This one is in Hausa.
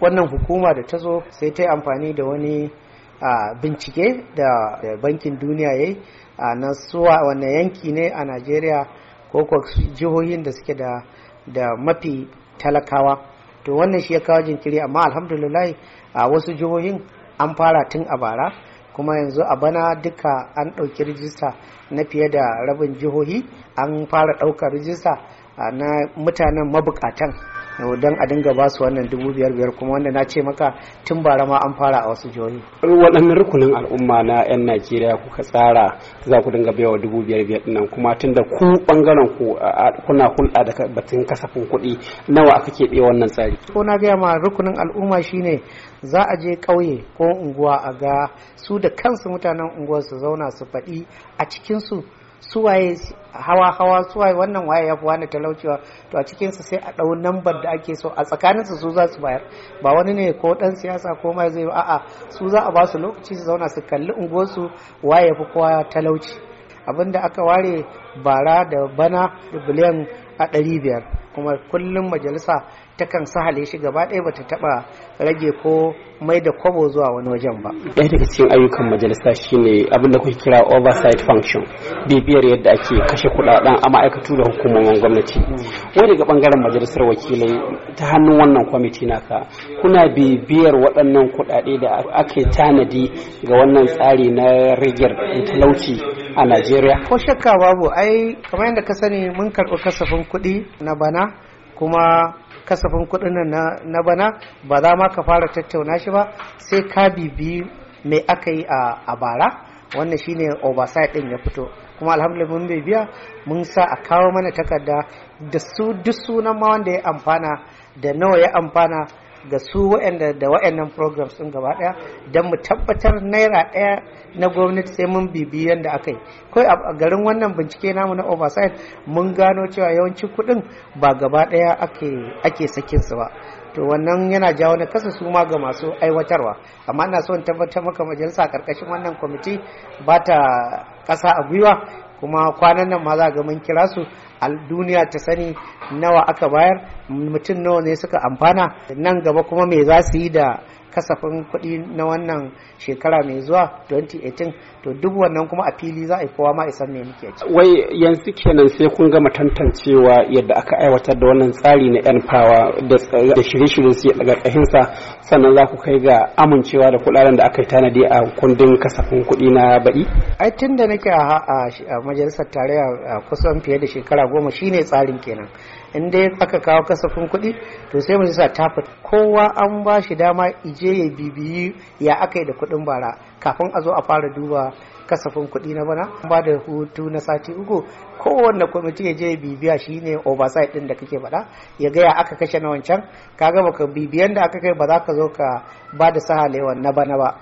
wannan hukuma da ta zo sai ta yi amfani da wani bincike da bankin duniya ya yi na suwa wannan yanki ne a najeriya ko jihohin da suke da mafi talakawa to wannan shi ya kawo jinkiri amma alhamdulillah a wasu jihohin an fara tun a bara kuma yanzu a bana duka an ɗauki rijista na fiye da rabin jihohi an fara ɗaukar rijista na mutanen mabukatan don a dinga ba su wannan dubu biyar biyar kuma wanda na ce maka tun bara ma an fara a wasu jihohi waɗannan rukunin al'umma na 'yan najeriya kuka tsara za ku dinga baiwa dubu biyar biyar nan kuma tun da ku ɓangaren ku kuna hulɗa da batun kasafin kuɗi nawa aka keɓe wannan tsari ko na gaya ma rukunin al'umma shine za a je ƙauye ko unguwa a ga su da kansu mutanen unguwar su zauna su faɗi a cikinsu suwaye hawa hawa suwaye wannan waye ya fi wani talaucewa to a su sai a ɗau nambar da ake so a tsakaninsu su za su bayar ba wani ne ko ɗan siyasa ko mai zai a'a su za a ba su lokaci su zauna su kalli unguwarsu waye ya fi kowa talauci abinda aka ware bara da bana da biliyan a ɗari biyar kuma kullum majalisa ta kan sahale shi gaba ɗaya bata taɓa rage ko mai da kwabo zuwa wani wajen ba. Ɗaya daga cikin ayyukan majalisa shine abin da kuke kira oversight function bibiyar yadda ake kashe kuɗaɗen a ma'aikatu da hukumomin gwamnati. Wani daga ɓangaren majalisar wakilai ta hannun wannan kwamiti naka kuna bibiyar waɗannan kuɗaɗe da ake tanadi ga wannan tsari na rigyar talauci a Najeriya? Ko shakka babu ai kamar yadda ka sani mun karɓi kasafin kuɗi na bana kuma kasafin kuɗin nan na bana ba za ma ka fara tattauna shi ba sai ka bibi mai aka yi a bara wannan shine oversight din ya fito kuma alhamdulillah mun bai biya mun sa a kawo mana takarda da su duk sunan ma wanda ya amfana da nawa ya amfana ga su waɗanda da waɗannan programs sun gaba ɗaya don mu tabbatar naira ɗaya na gwamnati sai mun bibiyi yadda aka yi kai a garin wannan bincike namu na oversight mun gano cewa yawancin kuɗin ba gaba ɗaya ake sakin su ba to wannan yana jawo na kasa su ma ga masu aiwatarwa amma ina son tabbatar maka majalisa karkashin wannan kwamiti ba ta ƙasa a gwiwa kuma kwanan nan ma za ga mun kira su duniya ta sani nawa aka bayar mutum nawa ne suka amfana nan gaba kuma me za su yi da kasafin kuɗi na wannan shekara mai zuwa 2018 to duk wannan kuma a fili za a yi kowa ma isan me muke ci wai yanzu kenan sai kun gama tantancewa yadda aka aiwatar da wannan tsari na yan fawa da shirye-shiryen su ya daga kahinsa sannan za ku kai ga amincewa da kuɗaɗen da aka yi tanadi a kundin kasafin kuɗi na baɗi ai tun da nake a majalisar tarayya kusan fiye da shekara goma shine tsarin kenan in dai aka kawo kasafin kuɗi to sai sa tafi kowa an ba shi dama je ya bibiyi ya aka yi da kuɗin bara kafin a zo a fara duba kasafin kuɗi na bana ba da hutu na sati uku kowanne kwamiti ya je bibiya shine oversight ɗin da kake faɗa ya gaya aka kashe na wancan kaga baka bibiyan da aka kai ba za ka zo ka ba da sahalewa na bana ba